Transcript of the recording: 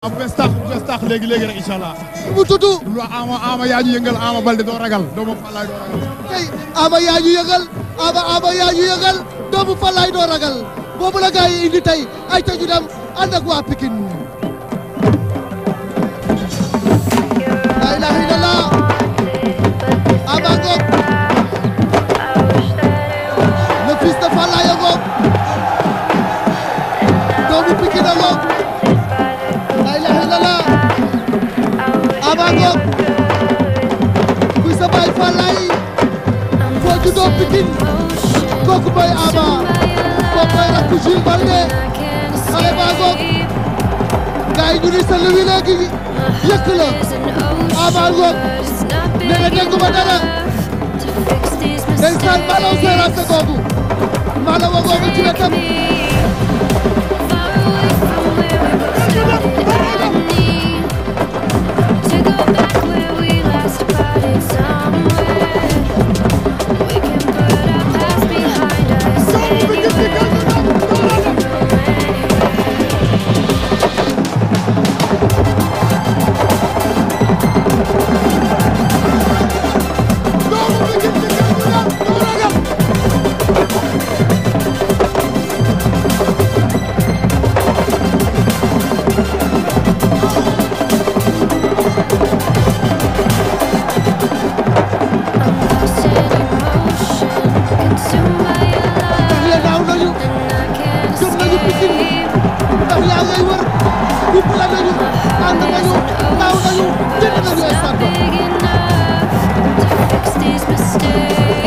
waaw bu bees tax bu bees tax léegi léegi rek incha allah. mu tudd. ama ama yaa ama balde doo ragal doomu Falaay doo ragal. doomu Falaay doo ragal boobu la indi tey ay ca ñu dem waa Pikine. Baldé xale baa ngoog gars yi ñu ni sëll wi léegi yëkk la Ama ngoog ne nga dégg ba dara ndeysaan maalaw seeraat sa googu maalaw a googu ci wetam ngay wër dimbale nañu ànd nañu naaw nañu jënd nañu stade ba